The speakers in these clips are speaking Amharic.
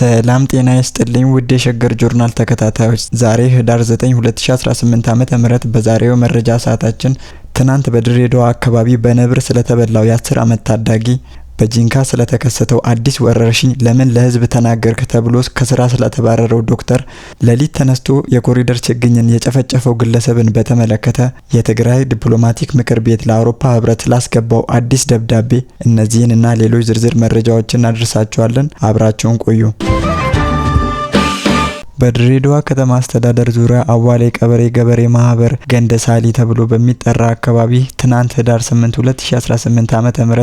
ሰላም ጤና ይስጥልኝ ውድ የሸገር ጆርናል ተከታታዮች፣ ዛሬ ህዳር 9 2018 ዓ.ም በዛሬው መረጃ ሰዓታችን ትናንት በድሬዳዋ አካባቢ በነብር ስለተበላው የ10 ዓመት ታዳጊ በጂንካ ስለተከሰተው አዲስ ወረርሽኝ ለምን ለህዝብ ተናገርክ ተብሎ ከስራ ስለተባረረው ዶክተር፣ ሌሊት ተነስቶ የኮሪደር ችግኝን የጨፈጨፈው ግለሰብን በተመለከተ፣ የትግራይ ዲፕሎማቲክ ምክር ቤት ለአውሮፓ ህብረት ስላስገባው አዲስ ደብዳቤ እነዚህንና ሌሎች ዝርዝር መረጃዎችን እናደርሳችኋለን። አብራችሁን ቆዩ። በድሬዳዋ ከተማ አስተዳደር ዙሪያ አዋሌ ቀበሬ ገበሬ ማህበር ገንደሳሊ ተብሎ በሚጠራ አካባቢ ትናንት ህዳር 8 2018 ዓ ም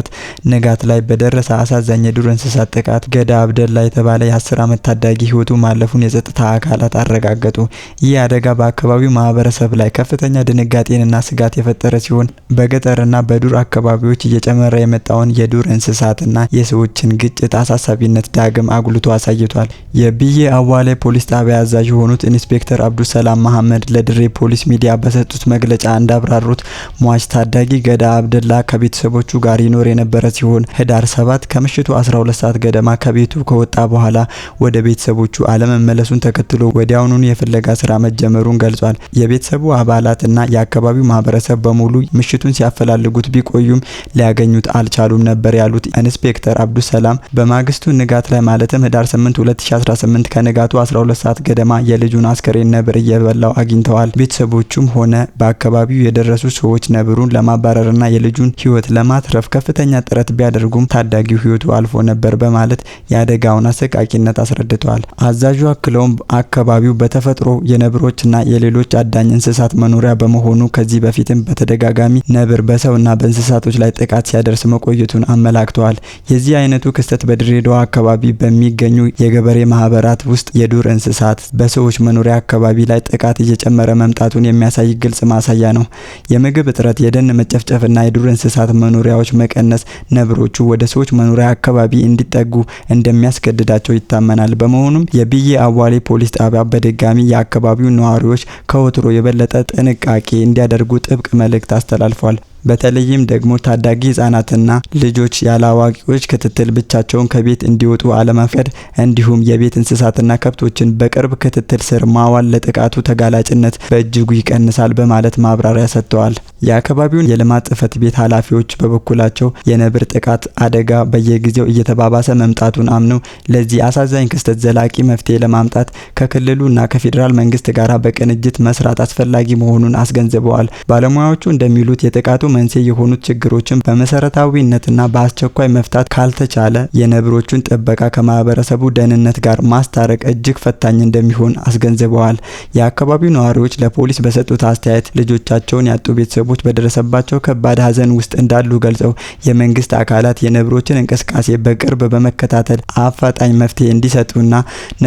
ንጋት ላይ በደረሰ አሳዛኝ የዱር እንስሳት ጥቃት ገዳ አብደላ የተባለ የ10 ዓመት ታዳጊ ህይወቱ ማለፉን የጸጥታ አካላት አረጋገጡ። ይህ አደጋ በአካባቢው ማህበረሰብ ላይ ከፍተኛ ድንጋጤንና ስጋት የፈጠረ ሲሆን በገጠርና በዱር አካባቢዎች እየጨመረ የመጣውን የዱር እንስሳትና የሰዎችን ግጭት አሳሳቢነት ዳግም አጉልቶ አሳይቷል። የብዬ አዋሌ ፖሊስ ጣቢያ ጣቢያ አዛዥ የሆኑት ኢንስፔክተር አብዱሰላም መሐመድ ለድሬ ፖሊስ ሚዲያ በሰጡት መግለጫ እንዳብራሩት ሟች ታዳጊ ገዳ አብደላ ከቤተሰቦቹ ጋር ይኖር የነበረ ሲሆን ህዳር 7 ከምሽቱ 12 ሰዓት ገደማ ከቤቱ ከወጣ በኋላ ወደ ቤተሰቦቹ አለመመለሱን ተከትሎ ወዲያውኑን የፍለጋ ስራ መጀመሩን ገልጿል። የቤተሰቡ አባላትና የአካባቢው ማህበረሰብ በሙሉ ምሽቱን ሲያፈላልጉት ቢቆዩም ሊያገኙት አልቻሉም ነበር ያሉት ኢንስፔክተር አብዱሰላም በማግስቱ ንጋት ላይ ማለትም ህዳር 8 2018 ከንጋቱ 12 ሰዓት ሰዓት ገደማ የልጁን አስከሬን ነብር እየበላው አግኝተዋል። ቤተሰቦቹም ሆነ በአካባቢው የደረሱ ሰዎች ነብሩን ለማባረርና የልጁን ሕይወት ለማትረፍ ከፍተኛ ጥረት ቢያደርጉም ታዳጊው ሕይወቱ አልፎ ነበር በማለት የአደጋውን አሰቃቂነት አስረድተዋል። አዛዡ አክለውም አካባቢው በተፈጥሮ የነብሮችና የሌሎች አዳኝ እንስሳት መኖሪያ በመሆኑ ከዚህ በፊትም በተደጋጋሚ ነብር በሰውና በእንስሳቶች ላይ ጥቃት ሲያደርስ መቆየቱን አመላክተዋል። የዚህ አይነቱ ክስተት በድሬዳዋ አካባቢ በሚገኙ የገበሬ ማህበራት ውስጥ የዱር እንስሳ ሰዓት በሰዎች መኖሪያ አካባቢ ላይ ጥቃት እየጨመረ መምጣቱን የሚያሳይ ግልጽ ማሳያ ነው። የምግብ እጥረት፣ የደን መጨፍጨፍና የዱር እንስሳት መኖሪያዎች መቀነስ ነብሮቹ ወደ ሰዎች መኖሪያ አካባቢ እንዲጠጉ እንደሚያስገድዳቸው ይታመናል። በመሆኑም የብዬ አዋሌ ፖሊስ ጣቢያ በድጋሚ የአካባቢው ነዋሪዎች ከወትሮ የበለጠ ጥንቃቄ እንዲያደርጉ ጥብቅ መልእክት አስተላልፏል። በተለይም ደግሞ ታዳጊ ህጻናትና ልጆች ያለ አዋቂዎች ክትትል ብቻቸውን ከቤት እንዲወጡ አለመፍቀድ እንዲሁም የቤት እንስሳትና ከብቶችን በቅርብ ክትትል ስር ማዋል ለጥቃቱ ተጋላጭነት በእጅጉ ይቀንሳል በማለት ማብራሪያ ሰጥተዋል። የአካባቢውን የልማት ጽህፈት ቤት ኃላፊዎች በበኩላቸው የነብር ጥቃት አደጋ በየጊዜው እየተባባሰ መምጣቱን አምነው ለዚህ አሳዛኝ ክስተት ዘላቂ መፍትሄ ለማምጣት ከክልሉና ከፌዴራል መንግስት ጋር በቅንጅት መስራት አስፈላጊ መሆኑን አስገንዝበዋል። ባለሙያዎቹ እንደሚሉት የጥቃቱ መንስኤ የሆኑት ችግሮችን በመሰረታዊነትና በአስቸኳይ መፍታት ካልተቻለ የነብሮቹን ጥበቃ ከማህበረሰቡ ደህንነት ጋር ማስታረቅ እጅግ ፈታኝ እንደሚሆን አስገንዝበዋል። የአካባቢው ነዋሪዎች ለፖሊስ በሰጡት አስተያየት ልጆቻቸውን ያጡ ቤተሰቦች በደረሰባቸው ከባድ ሀዘን ውስጥ እንዳሉ ገልጸው የመንግስት አካላት የነብሮችን እንቅስቃሴ በቅርብ በመከታተል አፋጣኝ መፍትሄ እንዲሰጡና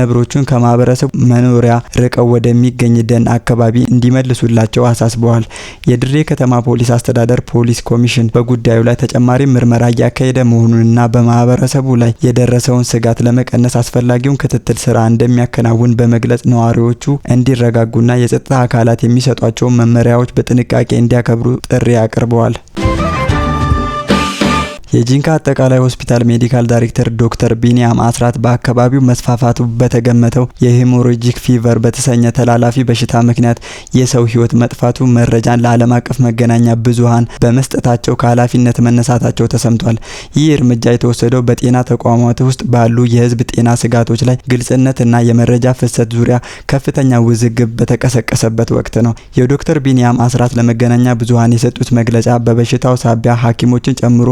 ነብሮቹን ከማህበረሰቡ መኖሪያ ርቀው ወደሚገኝ ደን አካባቢ እንዲመልሱላቸው አሳስበዋል። የድሬ ከተማ ፖሊስ አስተዳደር ሀገር ፖሊስ ኮሚሽን በጉዳዩ ላይ ተጨማሪ ምርመራ እያካሄደ መሆኑንና በማህበረሰቡ ላይ የደረሰውን ስጋት ለመቀነስ አስፈላጊውን ክትትል ስራ እንደሚያከናውን በመግለጽ ነዋሪዎቹ እንዲረጋጉና የጸጥታ አካላት የሚሰጧቸውን መመሪያዎች በጥንቃቄ እንዲያከብሩ ጥሪ አቅርበዋል። የጂንካ አጠቃላይ ሆስፒታል ሜዲካል ዳይሬክተር ዶክተር ቢኒያም አስራት በአካባቢው መስፋፋቱ በተገመተው የሄሞሮጂክ ፊቨር በተሰኘ ተላላፊ በሽታ ምክንያት የሰው ሕይወት መጥፋቱ መረጃን ለዓለም አቀፍ መገናኛ ብዙኃን በመስጠታቸው ከኃላፊነት መነሳታቸው ተሰምቷል። ይህ እርምጃ የተወሰደው በጤና ተቋማት ውስጥ ባሉ የህዝብ ጤና ስጋቶች ላይ ግልጽነት እና የመረጃ ፍሰት ዙሪያ ከፍተኛ ውዝግብ በተቀሰቀሰበት ወቅት ነው። የዶክተር ቢኒያም አስራት ለመገናኛ ብዙኃን የሰጡት መግለጫ በበሽታው ሳቢያ ሐኪሞችን ጨምሮ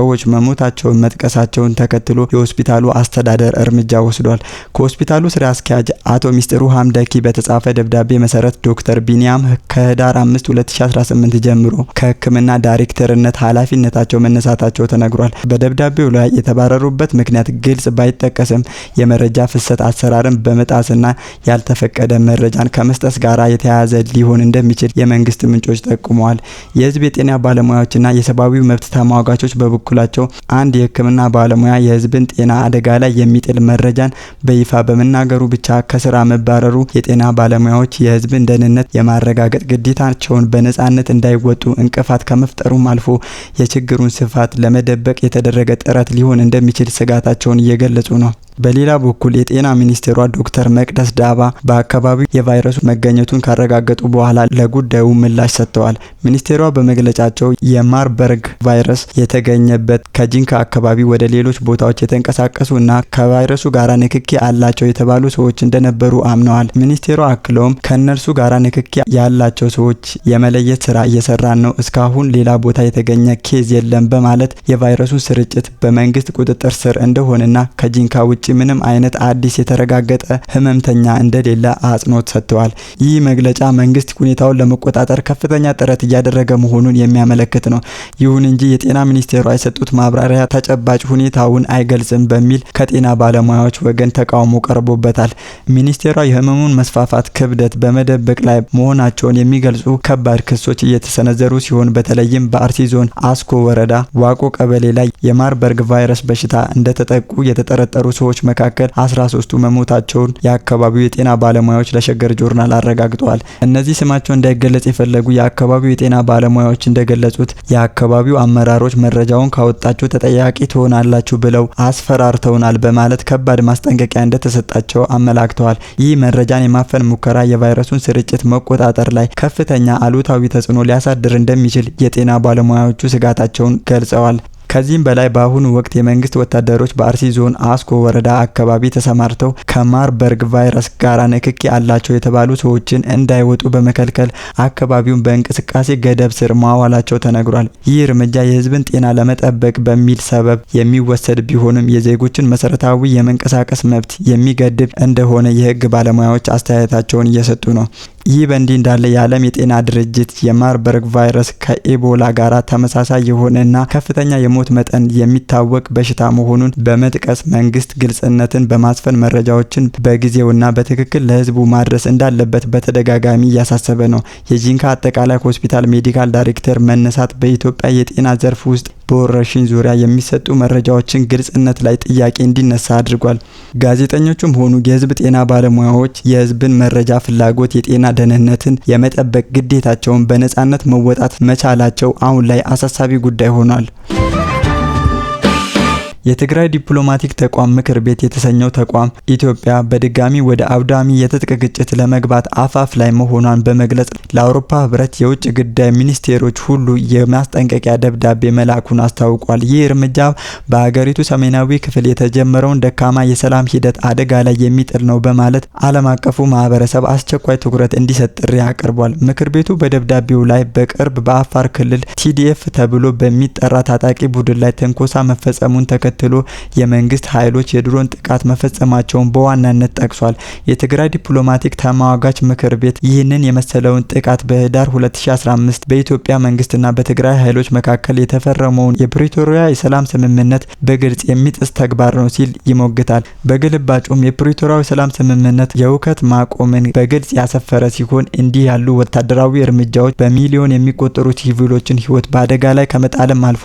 ሰዎች መሞታቸውን መጥቀሳቸውን ተከትሎ የሆስፒታሉ አስተዳደር እርምጃ ወስዷል። ከሆስፒታሉ ስራ አስኪያጅ አቶ ሚስጥሩ ሀምደኪ በተጻፈ ደብዳቤ መሰረት ዶክተር ቢኒያም ከህዳር 5 2018 ጀምሮ ከህክምና ዳይሬክተርነት ኃላፊነታቸው መነሳታቸው ተነግሯል። በደብዳቤው ላይ የተባረሩበት ምክንያት ግልጽ ባይጠቀስም የመረጃ ፍሰት አሰራርን በመጣስና ያልተፈቀደ መረጃን ከመስጠት ጋር የተያያዘ ሊሆን እንደሚችል የመንግስት ምንጮች ጠቁመዋል። የህዝብ የጤና ባለሙያዎችና የሰብአዊ መብት ተሟጋቾች በበኩ በበኩላቸው አንድ የህክምና ባለሙያ የህዝብን ጤና አደጋ ላይ የሚጥል መረጃን በይፋ በመናገሩ ብቻ ከስራ መባረሩ የጤና ባለሙያዎች የህዝብን ደህንነት የማረጋገጥ ግዴታቸውን በነጻነት እንዳይወጡ እንቅፋት ከመፍጠሩም አልፎ የችግሩን ስፋት ለመደበቅ የተደረገ ጥረት ሊሆን እንደሚችል ስጋታቸውን እየገለጹ ነው። በሌላ በኩል የጤና ሚኒስቴሯ ዶክተር መቅደስ ዳባ በአካባቢው የቫይረሱ መገኘቱን ካረጋገጡ በኋላ ለጉዳዩ ምላሽ ሰጥተዋል። ሚኒስቴሯ በመግለጫቸው የማርበርግ ቫይረስ የተገኘበት ከጂንካ አካባቢ ወደ ሌሎች ቦታዎች የተንቀሳቀሱ እና ከቫይረሱ ጋራ ንክኪ አላቸው የተባሉ ሰዎች እንደነበሩ አምነዋል። ሚኒስቴሯ አክለውም ከእነርሱ ጋራ ንክኪ ያላቸው ሰዎች የመለየት ስራ እየሰራን ነው፣ እስካሁን ሌላ ቦታ የተገኘ ኬዝ የለም በማለት የቫይረሱ ስርጭት በመንግስት ቁጥጥር ስር እንደሆነና ከጂንካ ውጭ ምንም አይነት አዲስ የተረጋገጠ ህመምተኛ እንደሌለ አጽንኦት ሰጥተዋል። ይህ መግለጫ መንግስት ሁኔታውን ለመቆጣጠር ከፍተኛ ጥረት እያደረገ መሆኑን የሚያመለክት ነው። ይሁን እንጂ የጤና ሚኒስቴሯ የሰጡት ማብራሪያ ተጨባጭ ሁኔታውን አይገልጽም በሚል ከጤና ባለሙያዎች ወገን ተቃውሞ ቀርቦበታል። ሚኒስቴሯ የህመሙን መስፋፋት ክብደት በመደበቅ ላይ መሆናቸውን የሚገልጹ ከባድ ክሶች እየተሰነዘሩ ሲሆን በተለይም በአርሲ ዞን አስኮ ወረዳ ዋቆ ቀበሌ ላይ የማርበርግ ቫይረስ በሽታ እንደተጠቁ የተጠረጠሩ ሰዎች ሰዎች መካከል 13ቱ መሞታቸውን የአካባቢው የጤና ባለሙያዎች ለሸገር ጆርናል አረጋግጠዋል። እነዚህ ስማቸው እንዳይገለጽ የፈለጉ የአካባቢው የጤና ባለሙያዎች እንደገለጹት የአካባቢው አመራሮች መረጃውን ካወጣችሁ ተጠያቂ ትሆናላችሁ ብለው አስፈራርተውናል በማለት ከባድ ማስጠንቀቂያ እንደተሰጣቸው አመላክተዋል። ይህ መረጃን የማፈን ሙከራ የቫይረሱን ስርጭት መቆጣጠር ላይ ከፍተኛ አሉታዊ ተጽዕኖ ሊያሳድር እንደሚችል የጤና ባለሙያዎቹ ስጋታቸውን ገልጸዋል። ከዚህም በላይ በአሁኑ ወቅት የመንግስት ወታደሮች በአርሲ ዞን አስኮ ወረዳ አካባቢ ተሰማርተው ከማርበርግ ቫይረስ ጋራ ንክኪ አላቸው የተባሉ ሰዎችን እንዳይወጡ በመከልከል አካባቢውን በእንቅስቃሴ ገደብ ስር ማዋላቸው ተነግሯል። ይህ እርምጃ የህዝብን ጤና ለመጠበቅ በሚል ሰበብ የሚወሰድ ቢሆንም የዜጎችን መሰረታዊ የመንቀሳቀስ መብት የሚገድብ እንደሆነ የህግ ባለሙያዎች አስተያየታቸውን እየሰጡ ነው። ይህ በእንዲህ እንዳለ የዓለም የጤና ድርጅት የማርበርግ ቫይረስ ከኢቦላ ጋር ተመሳሳይ የሆነና ከፍተኛ የሞት መጠን የሚታወቅ በሽታ መሆኑን በመጥቀስ መንግስት ግልጽነትን በማስፈን መረጃዎችን በጊዜውና በትክክል ለህዝቡ ማድረስ እንዳለበት በተደጋጋሚ እያሳሰበ ነው። የጂንካ አጠቃላይ ሆስፒታል ሜዲካል ዳይሬክተር መነሳት በኢትዮጵያ የጤና ዘርፍ ውስጥ በወረርሽኝ ዙሪያ የሚሰጡ መረጃዎችን ግልጽነት ላይ ጥያቄ እንዲነሳ አድርጓል። ጋዜጠኞቹም ሆኑ የህዝብ ጤና ባለሙያዎች የህዝብን መረጃ ፍላጎት፣ የጤና ደህንነትን የመጠበቅ ግዴታቸውን በነጻነት መወጣት መቻላቸው አሁን ላይ አሳሳቢ ጉዳይ ሆኗል። የትግራይ ዲፕሎማቲክ ተቋም ምክር ቤት የተሰኘው ተቋም ኢትዮጵያ በድጋሚ ወደ አውዳሚ የትጥቅ ግጭት ለመግባት አፋፍ ላይ መሆኗን በመግለጽ ለአውሮፓ ህብረት የውጭ ጉዳይ ሚኒስቴሮች ሁሉ የማስጠንቀቂያ ደብዳቤ መላኩን አስታውቋል። ይህ እርምጃ በሀገሪቱ ሰሜናዊ ክፍል የተጀመረውን ደካማ የሰላም ሂደት አደጋ ላይ የሚጥል ነው በማለት ዓለም አቀፉ ማህበረሰብ አስቸኳይ ትኩረት እንዲሰጥ ጥሪ አቅርቧል። ምክር ቤቱ በደብዳቤው ላይ በቅርብ በአፋር ክልል ቲዲኤፍ ተብሎ በሚጠራ ታጣቂ ቡድን ላይ ትንኮሳ መፈጸሙን ተከትሎ ተከትሎ የመንግስት ኃይሎች የድሮን ጥቃት መፈጸማቸውን በዋናነት ጠቅሷል። የትግራይ ዲፕሎማቲክ ተሟጋች ምክር ቤት ይህንን የመሰለውን ጥቃት በህዳር 2015 በኢትዮጵያ መንግስትና በትግራይ ኃይሎች መካከል የተፈረመውን የፕሪቶሪያ የሰላም ስምምነት በግልጽ የሚጥስ ተግባር ነው ሲል ይሞግታል። በግልባጩም የፕሪቶሪያው የሰላም ስምምነት የውከት ማቆምን በግልጽ ያሰፈረ ሲሆን እንዲህ ያሉ ወታደራዊ እርምጃዎች በሚሊዮን የሚቆጠሩ ሲቪሎችን ህይወት በአደጋ ላይ ከመጣለም አልፎ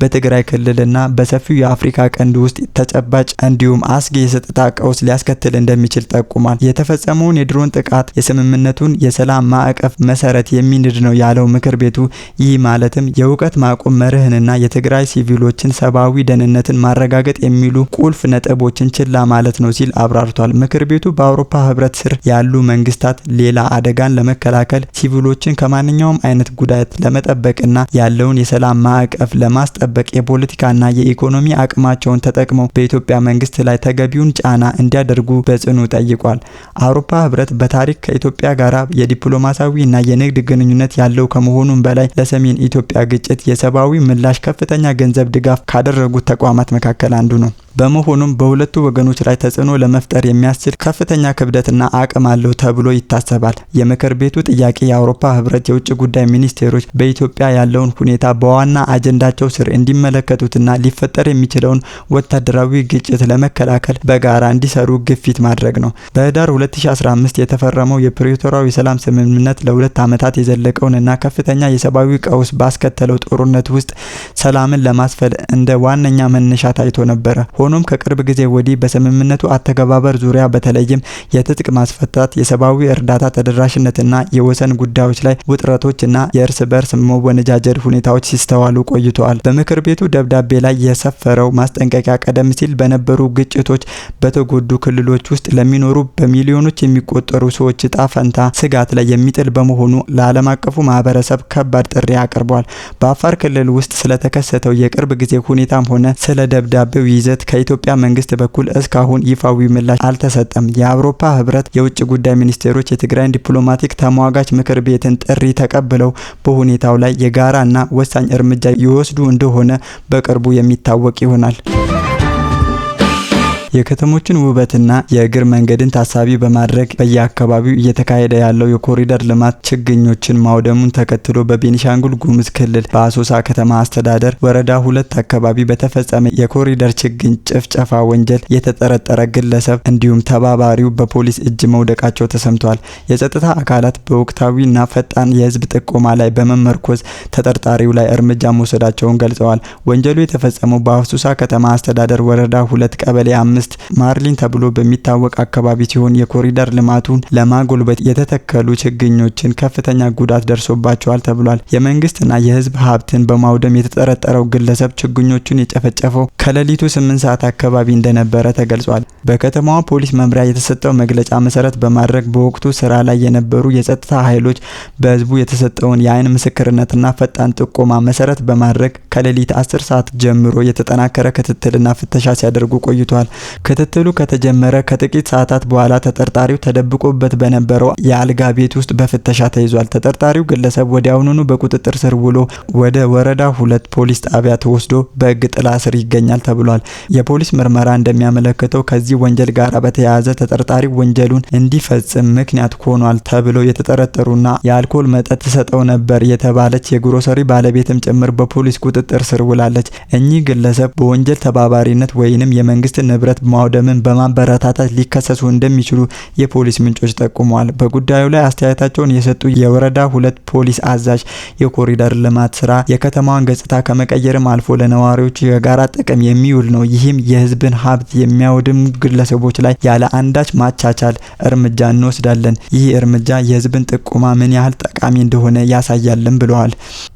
በትግራይ ክልልና በሰፊው የአፍ በአፍሪካ ቀንድ ውስጥ ተጨባጭ እንዲሁም አስጊ የጸጥታ ቀውስ ሊያስከትል እንደሚችል ጠቁሟል። የተፈጸመውን የድሮን ጥቃት የስምምነቱን የሰላም ማዕቀፍ መሰረት የሚንድ ነው ያለው ምክር ቤቱ ይህ ማለትም የእውቀት ማቆም መርህንና የትግራይ ሲቪሎችን ሰብአዊ ደህንነትን ማረጋገጥ የሚሉ ቁልፍ ነጥቦችን ችላ ማለት ነው ሲል አብራርቷል። ምክር ቤቱ በአውሮፓ ህብረት ስር ያሉ መንግስታት ሌላ አደጋን ለመከላከል ሲቪሎችን ከማንኛውም አይነት ጉዳት ለመጠበቅና ያለውን የሰላም ማዕቀፍ ለማስጠበቅ የፖለቲካና የኢኮኖሚ አቅ አቅማቸውን ተጠቅመው በኢትዮጵያ መንግስት ላይ ተገቢውን ጫና እንዲያደርጉ በጽኑ ጠይቋል። አውሮፓ ህብረት በታሪክ ከኢትዮጵያ ጋር እና የንግድ ግንኙነት ያለው ከመሆኑም በላይ ለሰሜን ኢትዮጵያ ግጭት የሰብአዊ ምላሽ ከፍተኛ ገንዘብ ድጋፍ ካደረጉት ተቋማት መካከል አንዱ ነው። በመሆኑም በሁለቱ ወገኖች ላይ ተጽዕኖ ለመፍጠር የሚያስችል ከፍተኛ ክብደትና አቅም አለው ተብሎ ይታሰባል። የምክር ቤቱ ጥያቄ የአውሮፓ ህብረት የውጭ ጉዳይ ሚኒስቴሮች በኢትዮጵያ ያለውን ሁኔታ በዋና አጀንዳቸው ስር እንዲመለከቱትና ሊፈጠር የሚችለውን ወታደራዊ ግጭት ለመከላከል በጋራ እንዲሰሩ ግፊት ማድረግ ነው። በህዳር 2015 የተፈረመው የፕሪቶሪያው የሰላም ስምምነት ለሁለት ዓመታት የዘለቀውንና ከፍተኛ የሰብአዊ ቀውስ ባስከተለው ጦርነት ውስጥ ሰላምን ለማስፈል እንደ ዋነኛ መነሻ ታይቶ ነበረ። ሆኖም ከቅርብ ጊዜ ወዲህ በስምምነቱ አተገባበር ዙሪያ በተለይም የትጥቅ ማስፈታት፣ የሰብአዊ እርዳታ ተደራሽነትና የወሰን ጉዳዮች ላይ ውጥረቶችና የእርስ በርስ መወነጃጀድ ሁኔታዎች ሲስተዋሉ ቆይተዋል። በምክር ቤቱ ደብዳቤ ላይ የሰፈረው ማስጠንቀቂያ ቀደም ሲል በነበሩ ግጭቶች በተጎዱ ክልሎች ውስጥ ለሚኖሩ በሚሊዮኖች የሚቆጠሩ ሰዎች እጣ ፈንታ ስጋት ላይ የሚጥል በመሆኑ ለዓለም አቀፉ ማህበረሰብ ከባድ ጥሪ አቅርቧል። በአፋር ክልል ውስጥ ስለተከሰተው የቅርብ ጊዜ ሁኔታም ሆነ ስለ ደብዳቤው ይዘት ከኢትዮጵያ መንግስት በኩል እስካሁን ይፋዊ ምላሽ አልተሰጠም። የአውሮፓ ህብረት የውጭ ጉዳይ ሚኒስቴሮች የትግራይን ዲፕሎማቲክ ተሟጋች ምክር ቤትን ጥሪ ተቀብለው በሁኔታው ላይ የጋራና ወሳኝ እርምጃ ይወስዱ እንደሆነ በቅርቡ የሚታወቅ ይሆናል። የከተሞችን ውበትና የእግር መንገድን ታሳቢ በማድረግ በየአካባቢው እየተካሄደ ያለው የኮሪደር ልማት ችግኞችን ማውደሙን ተከትሎ በቤኒሻንጉል ጉሙዝ ክልል በአሶሳ ከተማ አስተዳደር ወረዳ ሁለት አካባቢ በተፈጸመ የኮሪደር ችግኝ ጭፍጨፋ ወንጀል የተጠረጠረ ግለሰብ እንዲሁም ተባባሪው በፖሊስ እጅ መውደቃቸው ተሰምቷል። የጸጥታ አካላት በወቅታዊና ፈጣን የህዝብ ጥቆማ ላይ በመመርኮዝ ተጠርጣሪው ላይ እርምጃ መውሰዳቸውን ገልጸዋል። ወንጀሉ የተፈጸመው በአሶሳ ከተማ አስተዳደር ወረዳ ሁለት ቀበሌ አምስት መንግስት ማርሊን ተብሎ በሚታወቅ አካባቢ ሲሆን የኮሪደር ልማቱን ለማጎልበት የተተከሉ ችግኞችን ከፍተኛ ጉዳት ደርሶባቸዋል ተብሏል። የመንግስትና የህዝብ ሀብትን በማውደም የተጠረጠረው ግለሰብ ችግኞቹን የጨፈጨፈው ከሌሊቱ ስምንት ሰዓት አካባቢ እንደነበረ ተገልጿል። በከተማዋ ፖሊስ መምሪያ የተሰጠው መግለጫ መሰረት በማድረግ በወቅቱ ስራ ላይ የነበሩ የጸጥታ ኃይሎች በህዝቡ የተሰጠውን የአይን ምስክርነትና ፈጣን ጥቆማ መሰረት በማድረግ ከሌሊት አስር ሰዓት ጀምሮ የተጠናከረ ክትትልና ፍተሻ ሲያደርጉ ቆይቷል። ክትትሉ ከተጀመረ ከጥቂት ሰዓታት በኋላ ተጠርጣሪው ተደብቆበት በነበረው የአልጋ ቤት ውስጥ በፍተሻ ተይዟል። ተጠርጣሪው ግለሰብ ወዲያውኑኑ በቁጥጥር ስር ውሎ ወደ ወረዳ ሁለት ፖሊስ ጣቢያ ተወስዶ በህግ ጥላ ስር ይገኛል ተብሏል። የፖሊስ ምርመራ እንደሚያመለክተው ከዚህ ወንጀል ጋር በተያያዘ ተጠርጣሪ ወንጀሉን እንዲፈጽም ምክንያት ሆኗል ተብለው የተጠረጠሩና የአልኮል መጠጥ ትሰጠው ነበር የተባለች የግሮሰሪ ባለቤትም ጭምር በፖሊስ ቁጥጥር ስር ውላለች። እኚህ ግለሰብ በወንጀል ተባባሪነት ወይንም የመንግስት ንብረት ማውደምን በማበረታታት ሊከሰሱ እንደሚችሉ የፖሊስ ምንጮች ጠቁመዋል። በጉዳዩ ላይ አስተያየታቸውን የሰጡ የወረዳ ሁለት ፖሊስ አዛዥ የኮሪደር ልማት ስራ የከተማዋን ገጽታ ከመቀየርም አልፎ ለነዋሪዎች የጋራ ጥቅም የሚውል ነው፣ ይህም የህዝብን ሀብት የሚያወድም ግለሰቦች ላይ ያለ አንዳች ማቻቻል እርምጃ እንወስዳለን። ይህ እርምጃ የህዝብን ጥቁማ ምን ያህል ጠቃሚ እንደሆነ ያሳያልን ብለዋል።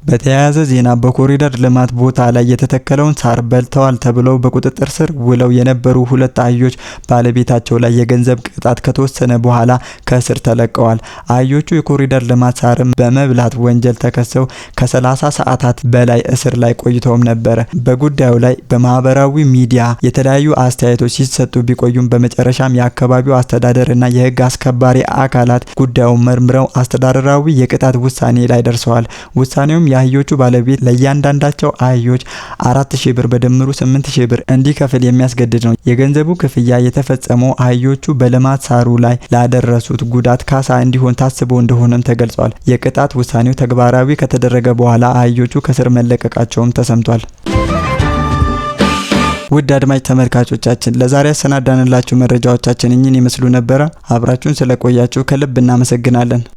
በተያያዘ ዜና በኮሪደር ልማት ቦታ ላይ የተተከለውን ሳር በልተዋል ተብለው በቁጥጥር ስር ውለው የነበሩ ሁለት አህዮች ባለቤታቸው ላይ የገንዘብ ቅጣት ከተወሰነ በኋላ ከእስር ተለቀዋል። አህዮቹ የኮሪደር ልማት ሳርም በመብላት ወንጀል ተከሰው ከ30 ሰዓታት በላይ እስር ላይ ቆይተውም ነበረ። በጉዳዩ ላይ በማህበራዊ ሚዲያ የተለያዩ አስተያየቶች ሲሰጡ ቢቆዩም በመጨረሻም የአካባቢው አስተዳደርና የህግ አስከባሪ አካላት ጉዳዩን መርምረው አስተዳደራዊ የቅጣት ውሳኔ ላይ ደርሰዋል። ውሳኔውም የአህዮቹ ባለቤት ለእያንዳንዳቸው አህዮች አራት ሺህ ብር በድምሩ ስምንት ሺህ ብር እንዲከፍል የሚያስገድድ ነው። የገንዘቡ ክፍያ የተፈጸመው አህዮቹ በልማት ሳሩ ላይ ላደረሱት ጉዳት ካሳ እንዲሆን ታስቦ እንደሆነም ተገልጿል። የቅጣት ውሳኔው ተግባራዊ ከተደረገ በኋላ አህዮቹ ከስር መለቀቃቸውም ተሰምቷል። ውድ አድማጭ ተመልካቾቻችን ለዛሬ ያሰናዳንላችሁ መረጃዎቻችን እኚህን ይመስሉ ነበረ። አብራችሁን ስለቆያችሁ ከልብ እናመሰግናለን።